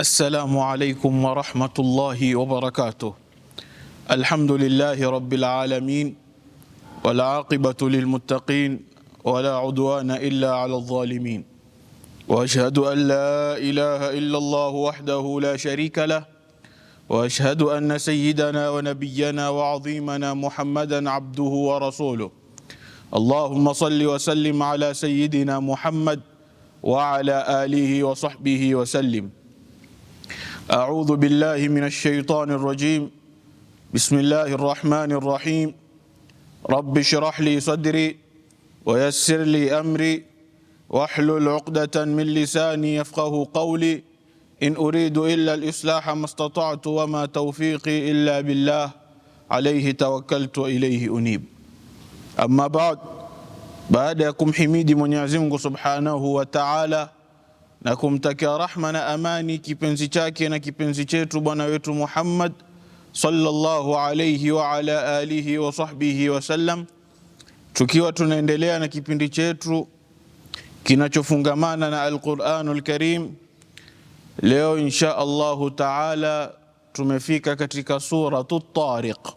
السلام عليكم ورحمة الله وبركاته الحمد لله رب العالمين والعاقبة للمتقين ولا عدوان إلا على الظالمين وأشهد أن لا إله إلا الله وحده لا شريك له وأشهد أن سيدنا ونبينا وعظيمنا محمدا عبده ورسوله اللهم صل وسلم على سيدنا محمد وعلى آله وصحبه وسلم أعوذ بالله من الشيطان الرجيم بسم الله الرحمن الرحيم رب اشرح لي صدري ويسر لي أمري واحلل عقدة من لساني يفقه قولي إن أريد إلا الإصلاح ما استطعت وما توفيقي إلا بالله عليه توكلت وإليه أنيب أما بعد بعد ya حميد من يعزمك سبحانه وتعالى na kumtakia rahma na amani kipenzi chake na kipenzi chetu bwana wetu Muhammad sallallahu alayhi wa ala alihi wa sahbihi sallam, tukiwa tunaendelea na kipindi chetu kinachofungamana na Alquranul Karim. Leo insha Allahu taala tumefika katika suratu Tariq.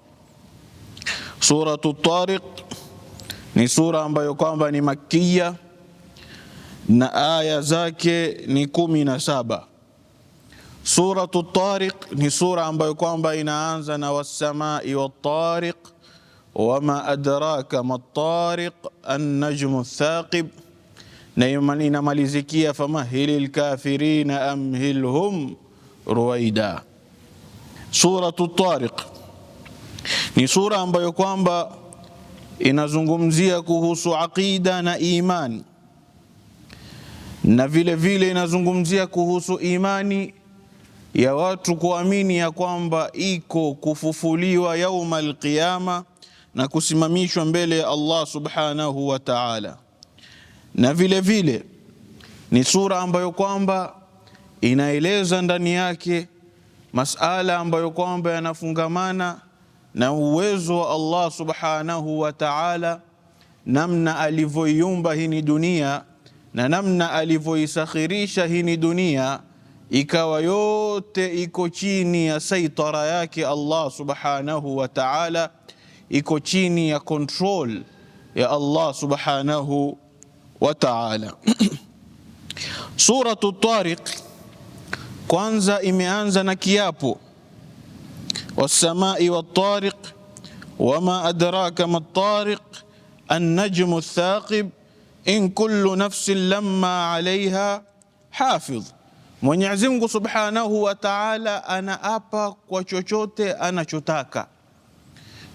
Suratu Tariq ni sura ambayo kwamba ni makkiya na aya zake ni kumi na saba. Suratu Tariq ni sura ambayo kwamba inaanza na wassamai wattariq wama adraka matariq annajmu thaqib, na inamalizikia famahili lkafirina amhilhum ruwaida. Suratu Tariq ni sura ambayo kwamba inazungumzia kuhusu aqida na imani na vile vile inazungumzia kuhusu imani ya watu kuamini ya kwamba iko kufufuliwa yauma alqiyama na kusimamishwa mbele ya Allah subhanahu wa ta'ala. Na vile vile ni sura ambayo kwamba inaeleza ndani yake masala ambayo kwamba yanafungamana na uwezo wa Allah subhanahu wa ta'ala, namna alivyoiumba hii dunia na namna alivyoisakhirisha hini dunia ikawa yote iko chini ya saitara yake Allah subhanahu wa ta'ala, iko chini ya control ya Allah subhanahu wa ta'ala. Suratu Tariq kwanza imeanza na kiapo, wassamai wattariq wama adraka mattariq annajmu thaqib in kullu nafsin lamma alaiha hafidh. Mwenyezi Mungu Subhanahu wa Ta'ala anaapa kwa chochote anachotaka,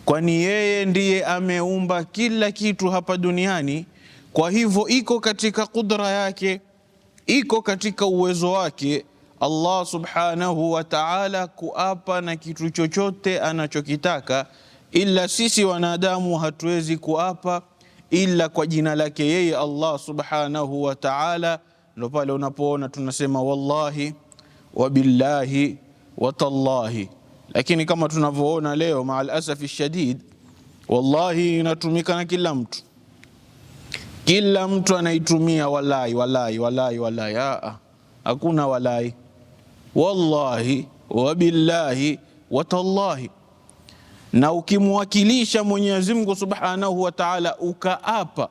kwani yeye ndiye ameumba kila kitu hapa duniani. Kwa hivyo iko katika kudra yake, iko katika uwezo wake Allah Subhanahu wa Ta'ala kuapa na kitu chochote anachokitaka, ila sisi wanadamu hatuwezi kuapa ila kwa jina lake yeye Allah subhanahu wa ta'ala. Ndo pale unapoona tunasema wallahi wabillahi watallahi, lakini kama tunavyoona leo maa alasafi shadid, wallahi inatumika na kila mtu, kila mtu anaitumia walai, walai, walai, walai. Aa, hakuna walai. Wallahi wabillahi watallahi na ukimwakilisha Mwenyezi Mungu Subhanahu wa Ta'ala, ukaapa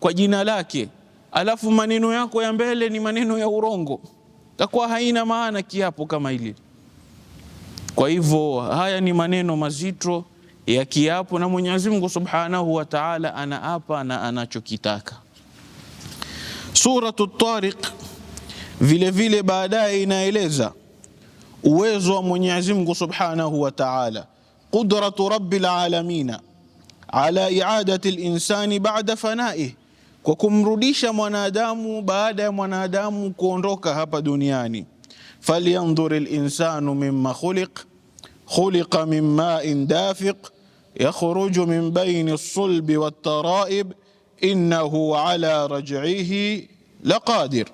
kwa jina lake, alafu maneno yako ya mbele ni maneno ya urongo, takuwa haina maana kiapo kama ile. Kwa hivyo haya ni maneno mazito ya kiapo, na Mwenyezi Mungu Subhanahu wa Ta'ala anaapa na anachokitaka. Suratu Tariq vile vile baadaye inaeleza uwezo wa Mwenyezi Mungu Subhanahu wa Ta'ala قدره رب العالمين على اعاده الانسان بعد فنائه وكمرديشا منادام بعد منادام كوندوكا هبا دنياني فلينظر الانسان مما خلق خلق من ماء دافق يخرج من بين الصلب والترائب انه على رجعه لقادر.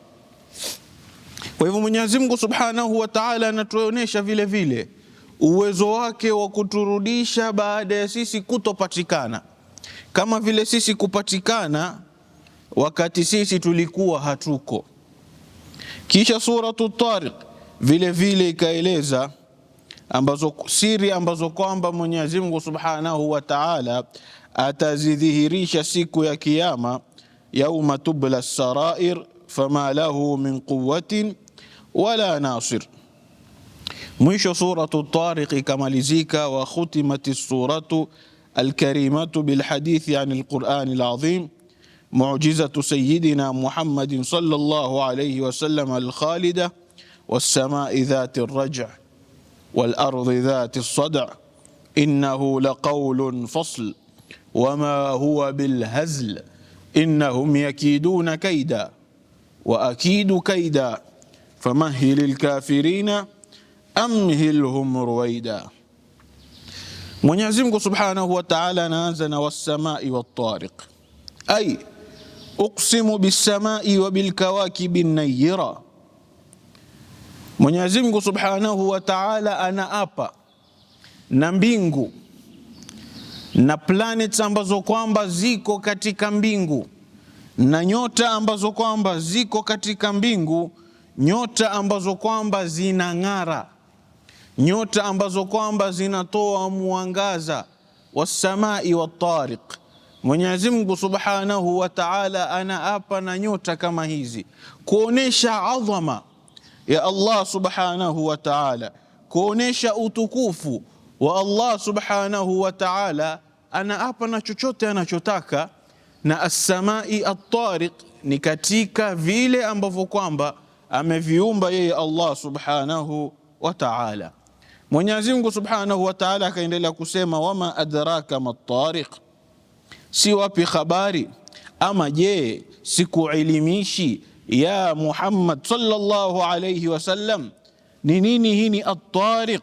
ولذلك من يزمك سبحانه وتعالى نتوينيشا فيلي فيلي uwezo wake wa kuturudisha baada ya sisi kutopatikana, kama vile sisi kupatikana wakati sisi tulikuwa hatuko. Kisha Suratu Tariq vile vile ikaeleza ambazo siri ambazo kwamba Mwenyezi Mungu Subhanahu wa Ta'ala atazidhihirisha siku ya Kiyama, yauma tubla sarair fama lahu min quwwatin wala nasir Mwisho suratu Tariq ikamalizika, wa khutimati suratu alkarimatu bilhadithi an alqurani alazim mu'jizatu sayyidina Muhammadin sallallahu alayhi wasallam alkhalida والسماء ذات الرجع والأرض ذات الصدع إنه لقول فصل وما هو بالهزل إنهم يكيدون كيدا وأكيد كيدا فمهل الكافرين amhilhum ruwaida. Mwenyezi Mungu Subhanahu wa Ta'ala anaanza na wassamai wattariq, ay uqsimu bissamai wa bilkawakibi nayira. Mwenyezi Mungu Subhanahu wa Ta'ala anaapa na mbingu na planets ambazo kwamba ziko katika mbingu na nyota ambazo kwamba ziko katika mbingu, nyota ambazo kwamba zinang'ara nyota ambazo kwamba zinatoa mwangaza wa tariq. Mwenyezi Mungu Subhanahu wa Ta'ala anaapa na nyota kama hizi kuonesha adhama ya Allah Subhanahu wa Ta'ala, kuonesha utukufu wa Allah Subhanahu wa Ta'ala. Anaapa na chochote anachotaka, na assamai attariq ni katika vile ambavyo kwamba ameviumba yeye Allah Subhanahu wa Ta'ala. Mwenyezi Mungu Subhanahu wa Ta'ala akaendelea kusema, wama adraka matariq, si wapi habari ama je, sikuelimishi ya Muhammad sallallahu alayhi wasallam ni nini hini at-tariq?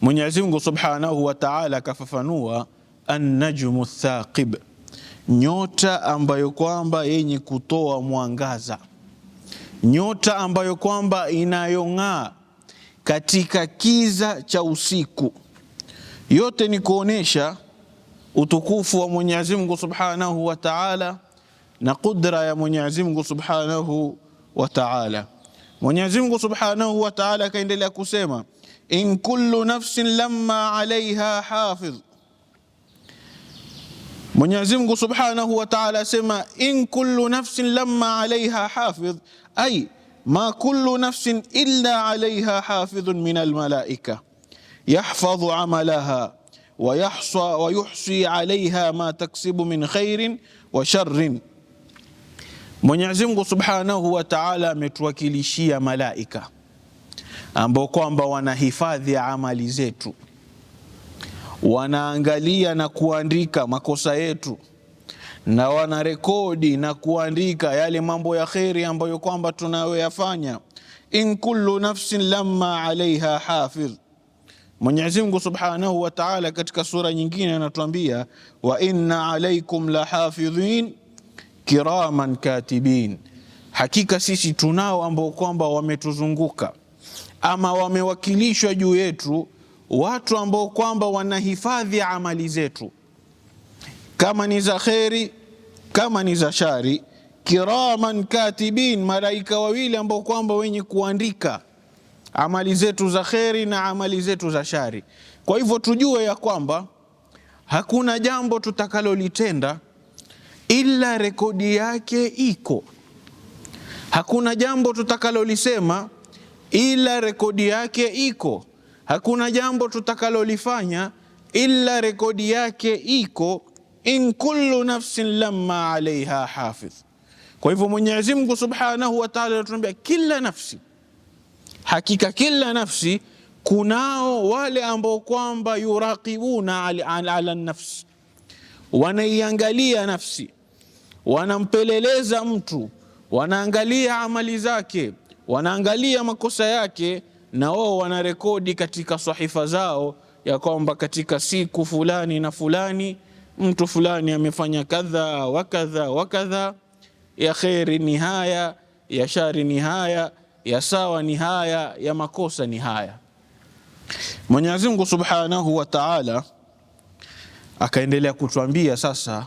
Mwenyezi Mungu Subhanahu wa Ta'ala akafafanua an-najmu thaqib, nyota ambayo kwamba yenye kutoa mwangaza, nyota ambayo kwamba inayong'aa katika kiza cha usiku. Yote ni kuonesha utukufu wa Mwenyezi Mungu Subhanahu wa Ta'ala na kudra ya Mwenyezi Mungu Subhanahu wa Ta'ala. Mwenyezi Mungu Subhanahu wa Ta'ala akaendelea kusema, in kullu nafsin lamma 'alayha hafidh. Mwenyezi Mungu Subhanahu wa Ta'ala asema, in kullu nafsin lamma 'alayha hafidh, ai ma kullu nafsin illa alaiha hafidhun min almalaika yahfadhu amalaha wa yahsa wa yuhsi alaiha ma taksibu min khairin wa sharrin. Mwenyezi Mungu Subhanahu wa Ta'ala ametuwakilishia malaika ambao kwamba wanahifadhi amali zetu, wanaangalia na kuandika makosa yetu na wanarekodi na kuandika yale mambo ya kheri ambayo kwamba tunayoyafanya. in kullu nafsin lamma alaiha hafidh. Mwenyezi Mungu Subhanahu wa Ta'ala katika sura nyingine anatuambia, wa inna alaikum la hafidhin kiraman katibin, hakika sisi tunao ambao kwamba wametuzunguka ama wamewakilishwa juu yetu watu ambao kwamba wanahifadhi amali zetu kama ni za kheri, kama ni za shari. Kiraman katibin, malaika wawili ambao kwamba wenye kuandika amali zetu za kheri na amali zetu za shari. Kwa hivyo tujue ya kwamba hakuna jambo tutakalolitenda ila rekodi yake iko. Hakuna jambo tutakalolisema ila rekodi yake iko. Hakuna jambo tutakalolifanya ila rekodi yake iko in kullu nafsin lamma alaiha hafidh. Kwa hivyo Mwenyezi Mungu subhanahu wa taala anatuambia kila nafsi, hakika kila nafsi kunao wale ambao kwamba yuraqibuna ala, ala nafsi, wanaiangalia nafsi, wanampeleleza mtu, wanaangalia amali zake, wanaangalia makosa yake, na wao wanarekodi katika sahifa zao ya kwamba katika siku fulani na fulani mtu fulani amefanya kadha wa kadha wa kadha, ya kheri ni haya, ya shari ni haya, ya sawa ni haya, ya makosa ni haya. Mwenyezi Mungu Subhanahu wa Ta'ala akaendelea kutwambia sasa,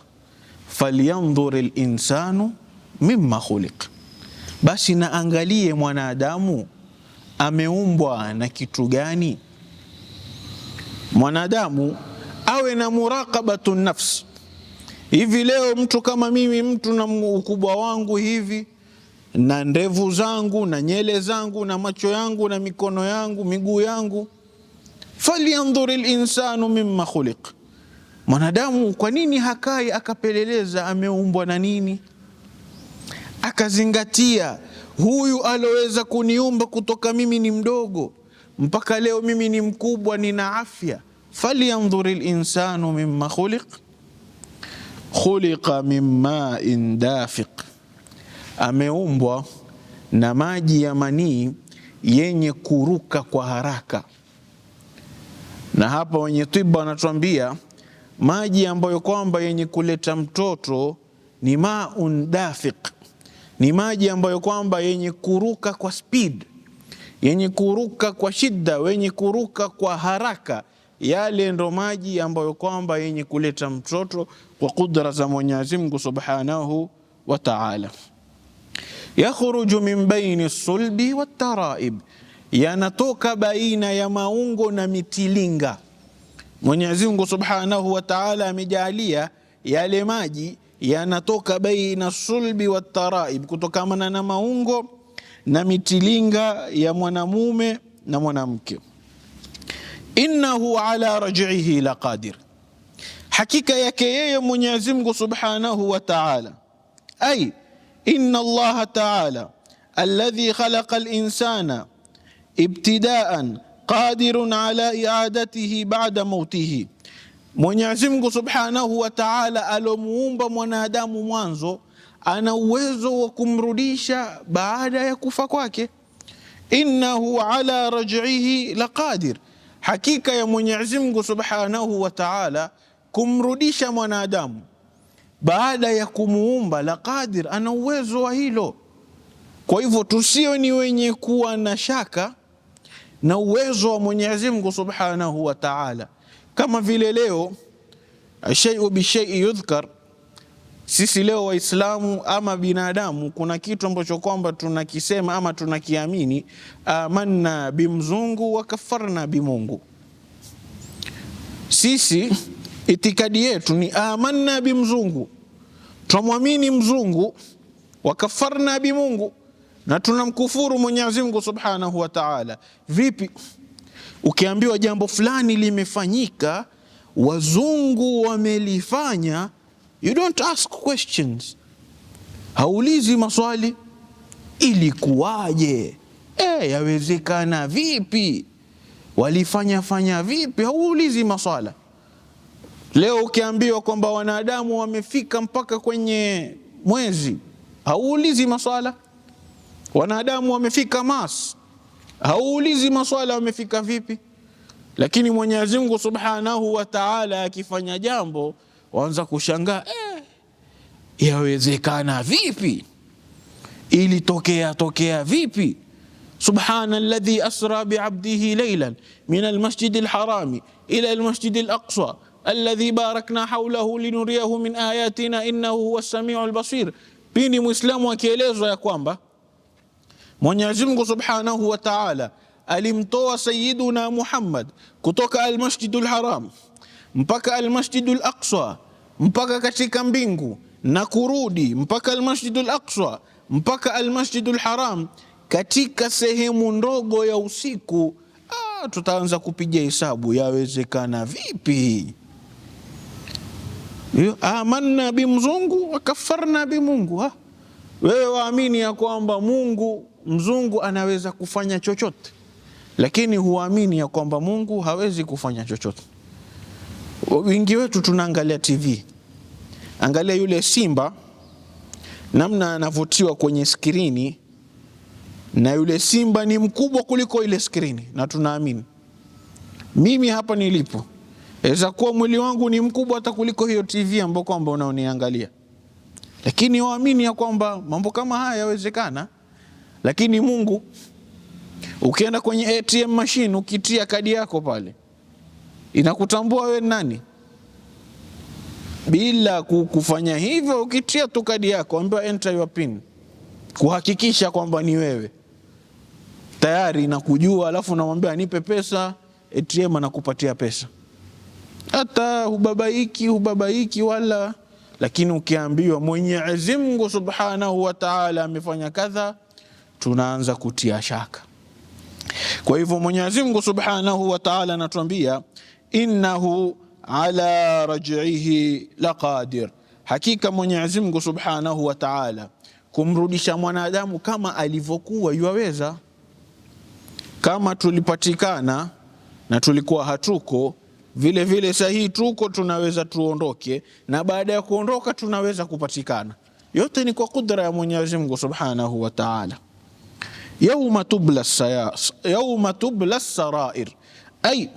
falyandhur linsanu mimma khuliq, basi na angalie mwanadamu ameumbwa na kitu gani. Mwanadamu awe na muraqabatu nafsi. Hivi leo mtu kama mimi, mtu na ukubwa wangu hivi na ndevu zangu na nyele zangu na macho yangu na mikono yangu miguu yangu, falyanzur linsanu mimma khuliq, mwanadamu kwa nini hakai akapeleleza ameumbwa na nini, akazingatia huyu aloweza kuniumba kutoka mimi ni mdogo mpaka leo mimi ni mkubwa, nina afya falyanzuri linsanu mima khuliq khuliqa min main dafiq, ameumbwa na maji ya manii yenye kuruka kwa haraka. Na hapa wenye tiba wanatuambia maji ambayo kwamba yenye kuleta mtoto ni maun dafiq, ni maji ambayo kwamba yenye kuruka kwa speed, yenye kuruka kwa shida, wenye kuruka kwa haraka yale ndo maji ambayo kwamba yenye kuleta mtoto kwa kudra za Mwenyezi Mungu Subhanahu wa Ta'ala. Yakhruju min baini sulbi wataraib, yanatoka baina ya maungo na mitilinga. Mwenyezi Mungu Subhanahu wa Ta'ala amejalia yale maji yanatoka baina sulbi wataraib, kutokamana na maungo na mitilinga ya mwanamume na mwanamke innahu ala rajihi la qadir, hakika yake yeye Mwenyezi Mungu subhanahu wa ta'ala. Ay inna Allaha ta'ala alladhi khalaqa al ibtidaan qadirun ala iadatihi ba'da mautihi, Mwenyezi Mungu subhanahu wa ta'ala alomuumba mwanadamu mwanzo ana uwezo wa kumrudisha baada ya kufa kwake. Innahu ala rajihi la qadir Hakika ya Mwenyezi Mungu Subhanahu wa Ta'ala kumrudisha mwanadamu baada ya kumuumba, la qadir, ana uwezo wa hilo. Kwa hivyo tusio ni wenye kuwa na shaka na uwezo wa Mwenyezi Mungu Subhanahu wa Ta'ala, kama vile leo shay'u bishai yudhkar sisi leo Waislamu ama binadamu, kuna kitu ambacho kwamba tunakisema ama tunakiamini, amanna ah, bimzungu wa kafarna bimungu. Sisi itikadi yetu ni amanna bimzungu, twamwamini mzungu, wa kafarna bimungu, na tunamkufuru Mwenyezi Mungu subhanahu wa taala. Vipi ukiambiwa jambo fulani limefanyika, wazungu wamelifanya You don't ask questions, haulizi maswali. Ilikuwaje? Eh, yawezekana vipi? Walifanya fanya vipi? Hauulizi maswala. Leo ukiambiwa kwamba wanadamu wamefika mpaka kwenye mwezi, hauulizi maswala. Wanadamu wamefika Mars, hauulizi maswala, wamefika vipi. Lakini Mwenyezi Mungu Subhanahu wa Ta'ala akifanya jambo waanza kushangaa eh, yawezekana vipi? Ilitokea tokea vipi? Subhana alladhi asra biabdihi laylan min almasjid alharami ila almasjid alaqsa alladhi barakna hawlahu linuriyahu min ayatina innahu huwa samiu albasir. Pindi Mwislamu akielezwa ya kwamba Mwenyezi Mungu subhanahu wa taala alimtoa Sayiduna Muhammad kutoka almasjid alharam mpaka Almasjidu Aqsa mpaka katika mbingu na kurudi mpaka Almasjidu Aqsa mpaka Almasjidu lharam katika sehemu ndogo ya usiku. Ah, tutaanza kupiga hesabu, yawezekana vipi? Amanna bi mzungu wakafarna bi Mungu. Wewe waamini ya kwamba Mungu mzungu anaweza kufanya chochote, lakini huamini ya kwamba Mungu hawezi kufanya chochote. Wingi wetu tunaangalia TV. Angalia yule simba namna anavutiwa kwenye skrini, na yule simba ni mkubwa kuliko ile skrini, na tunaamini. Mimi hapa nilipo, weza kuwa mwili wangu ni mkubwa hata kuliko hiyo TV ambayo kwamba unaoniangalia, lakini waamini ya kwamba mambo kama haya yawezekana. Lakini Mungu, ukienda kwenye ATM machine ukitia kadi yako pale inakutambua wewe nani. Bila kufanya hivyo, ukitia tu kadi yako, ambiwa enter your pin, kuhakikisha kwamba ni wewe tayari nakujua, alafu namwambia nipe pesa, ATM anakupatia pesa, hata hubabaiki hubabaiki wala lakini ukiambiwa Mwenyezi Mungu Subhanahu wa Ta'ala amefanya kadha, tunaanza kutia shaka. Kwa hivyo Mwenyezi Mungu Subhanahu wa Ta'ala anatuambia innahu ala raj'ihi laqadir, hakika Mwenyezi Mungu subhanahu wa ta'ala kumrudisha mwanadamu kama alivyokuwa yuwaweza. Kama tulipatikana na tulikuwa hatuko vile vile, saa tuko, tunaweza tuondoke, na baada ya kuondoka tunaweza kupatikana. Yote ni kwa kudra ya Mwenyezi Mungu subhanahu wa ta'ala. Yauma tubla sarair ay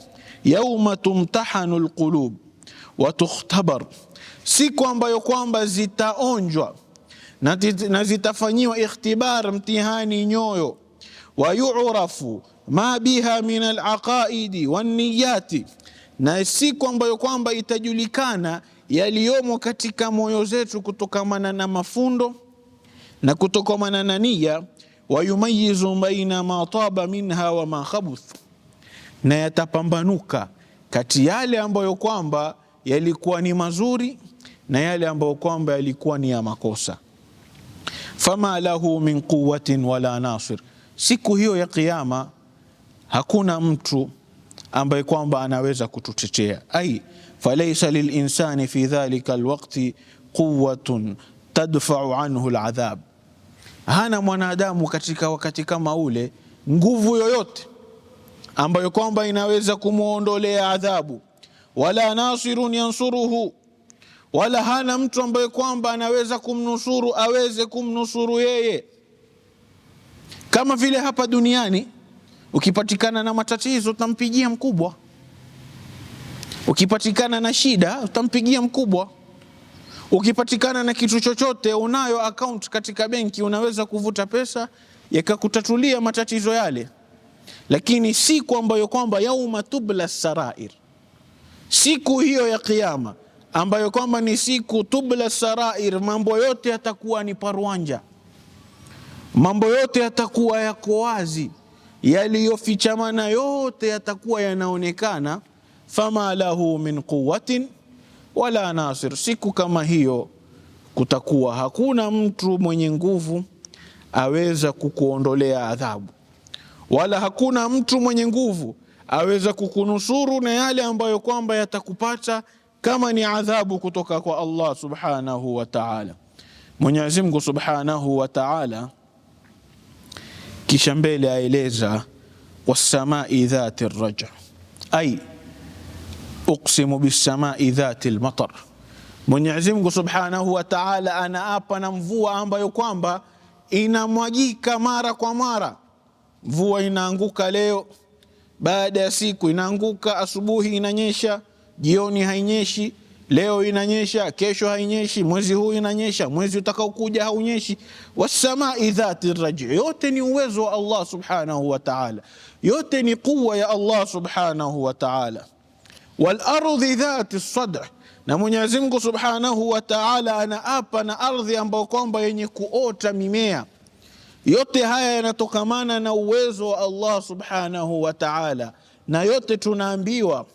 yauma tumtahanu lqulub watukhtabar siku ambayo kwamba zitaonjwa na, zitafanyiwa ikhtibar, mtihani nyoyo. Wa yu'rafu ma biha min alaqaidi wanniyati na siku ambayo kwamba itajulikana yaliyomo katika moyo zetu kutokamana na mafundo na kutokamana na niya Wayumayizu baina ma taba minha wa ma khabuth na yatapambanuka kati yale ambayo kwamba yalikuwa ni mazuri na yale ambayo kwamba yalikuwa ni ya makosa. Fama lahu min quwwatin wala nasir, siku hiyo ya Kiyama hakuna mtu ambaye kwamba anaweza kututetea. Ai falaisa lilinsani fi dhalika alwaqti quwwatun tadfau anhu aladhab, hana mwanadamu katika wakati kama ule nguvu yoyote ambayo kwamba inaweza kumwondolea adhabu. Wala nasirun yansuruhu, wala hana mtu ambaye kwamba anaweza kumnusuru aweze kumnusuru yeye. Kama vile hapa duniani ukipatikana na matatizo utampigia mkubwa, ukipatikana na shida utampigia mkubwa, ukipatikana na kitu chochote, unayo akaunti katika benki, unaweza kuvuta pesa yakakutatulia matatizo yale lakini siku ambayo kwamba yauma tubla sarair, siku hiyo ya Kiyama ambayo kwamba ni siku tubla sarair, mambo yote yatakuwa ni parwanja, mambo yote yatakuwa yako wazi, yaliyofichamana yote yatakuwa yanaonekana. Fama lahu min quwatin wala nasir, siku kama hiyo kutakuwa hakuna mtu mwenye nguvu aweza kukuondolea adhabu wala hakuna mtu mwenye nguvu aweza kukunusuru na yale ambayo kwamba yatakupata kama ni adhabu kutoka kwa Allah subhanahu wa ta'ala. Mwenyezi Mungu subhanahu wa ta'ala kisha mbele aeleza wassamai dhati raja, ai uksimu bisamai dhati lmatar. Mwenyezi Mungu subhanahu wa ta'ala anaapa na mvua ambayo kwamba inamwagika mara kwa mara mvua inaanguka leo, baada ya siku inaanguka, asubuhi inanyesha, jioni hainyeshi, leo inanyesha, kesho hainyeshi, mwezi huu inanyesha, mwezi utakaokuja haunyeshi. Wasamai dhati raji yote ni uwezo wa Allah subhanahu wa ta'ala, yote ni quwa ya Allah subhanahu wa ta'ala. Wal ardhi dhati sad, na Mwenyezi Mungu subhanahu wa ta'ala anaapa na ardhi ambayo kwamba yenye kuota mimea yote haya yanatokamana na uwezo wa Allah subhanahu wa ta'ala, na yote tunaambiwa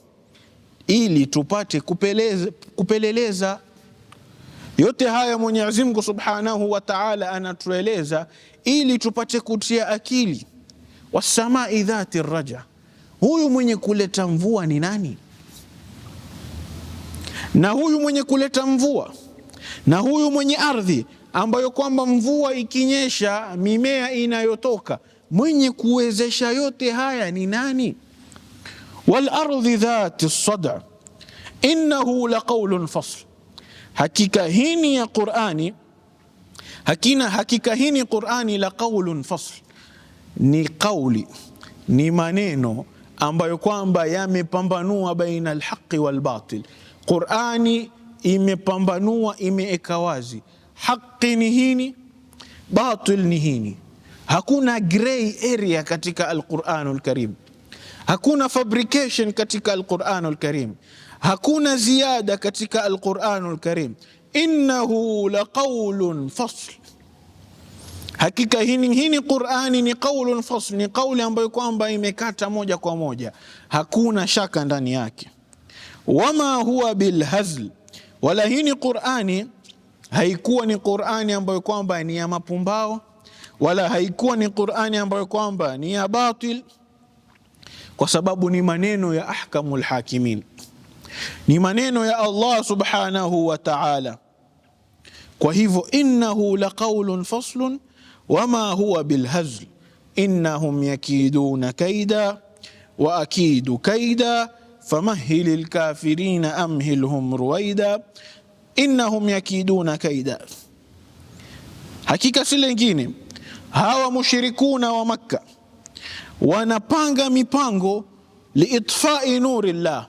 ili tupate kupeleza, kupeleleza yote haya Mwenyezi Mungu subhanahu wa ta'ala anatueleza ili tupate kutia akili. wasamai dhati raja, huyu mwenye kuleta mvua ni nani? Na huyu mwenye kuleta mvua na huyu mwenye ardhi ambayo kwamba mvua ikinyesha mimea inayotoka. Mwenye kuwezesha yote haya ni nani? walardhi ardhi dhati sada innahu laqaulun fasl, hakika hini ya Qurani hakina, hakika hini Qurani laqaulun fasl, ni qauli, ni maneno ambayo kwamba yamepambanua baina alhaqi walbatil. Qurani imepambanua, imeeka wazi haqi ni hini, batil ni hini. Hakuna grey area katika alquran Karim, hakuna fabrication katika alquran Karim, hakuna ziada katika alquran Karim. Innahu laqaulun fasl, hakika hini, hini Qurani ni qaulun fasl, ni qauli ambayo kwamba imekata moja kwa moja, hakuna shaka ndani yake. Wama huwa bilhazl, wala hini Qurani haikuwa ni Qur'ani ambayo kwamba ni ya mapumbao wala haikuwa ni Qur'ani ambayo kwamba ni ya batil, kwa sababu ni maneno ya ahkamul hakimin, ni maneno ya Allah subhanahu wa ta'ala. Kwa hivyo innahu laqaulun faslun wama huwa bilhazl innahum yakiduna kaida wa akidu kaida famahili lkafirina amhilhum ruwaida innahum yakiduna kaida, hakika si lengine hawa mushrikuna wa Makka wanapanga mipango liitfai nuri llah,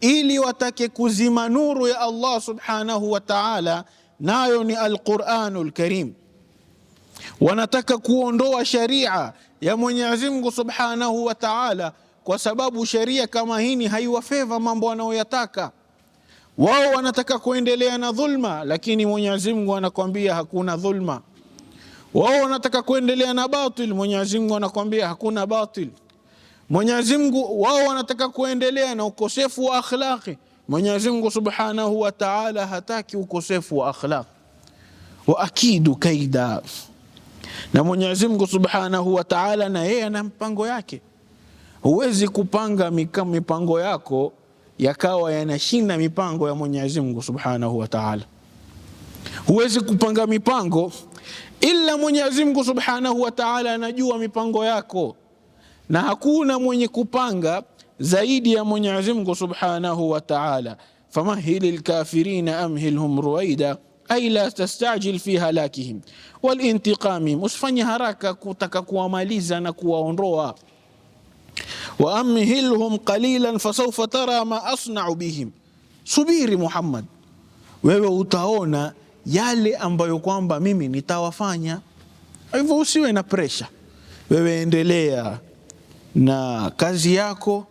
ili watake kuzima nuru ya Allah subhanahu wa ta'ala, nayo ni alquranu lkarim. Wanataka kuondoa sharia ya Mwenyezi Mungu subhanahu wa ta'ala, kwa sababu sharia kama hini haiwafeva mambo wanayoyataka wao wanataka kuendelea na dhulma, lakini Mwenyezi Mungu anakwambia hakuna dhulma. Wao wanataka kuendelea na batil, Mwenyezi Mungu anakwambia hakuna batil. Mwenyezi Mungu, wao wanataka kuendelea na ukosefu wa akhlaqi, Mwenyezi Mungu Subhanahu wa Ta'ala hataki ukosefu wa akhlaq. Wa akidu kaida, na Mwenyezi Mungu Subhanahu wa Ta'ala na yeye ana mpango yake. Huwezi kupanga mipango yako yakawa yanashinda mipango ya Mwenyezi Mungu Subhanahu wa Ta'ala. Huwezi kupanga mipango ila Mwenyezi Mungu Subhanahu wa Ta'ala anajua mipango yako, na hakuna mwenye kupanga zaidi ya Mwenyezi Mungu Subhanahu wa Ta'ala. famahili lkafirina amhilhum ruwaida ai la tastajil fi halakihim walintiqamihim, usifanye haraka kutaka kuwamaliza na kuwaondoa wa amhilhum qalilan fasawfa tara ma asnau bihim, subiri Muhammad, wewe utaona yale ambayo kwamba mimi nitawafanya. Hivyo usiwe na presha, wewe endelea na kazi yako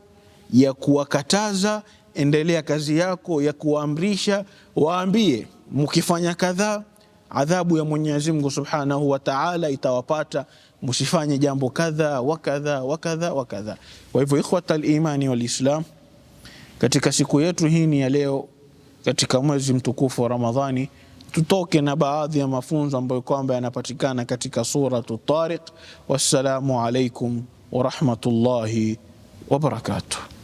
ya kuwakataza, endelea kazi yako ya kuwaamrisha. Waambie mkifanya kadhaa, adhabu ya Mwenyezi Mungu Subhanahu wa Ta'ala itawapata msifanye jambo kadha wa kadha wa kadha wa kadha. Kwa hivyo, ikhwata alimani imani wal Islam, katika siku yetu hii ni ya leo, katika mwezi mtukufu wa Ramadhani, tutoke na baadhi ya mafunzo ambayo kwamba yanapatikana katika suratu Tariq. Wassalamu alaikum wa rahmatullahi wa barakatuh.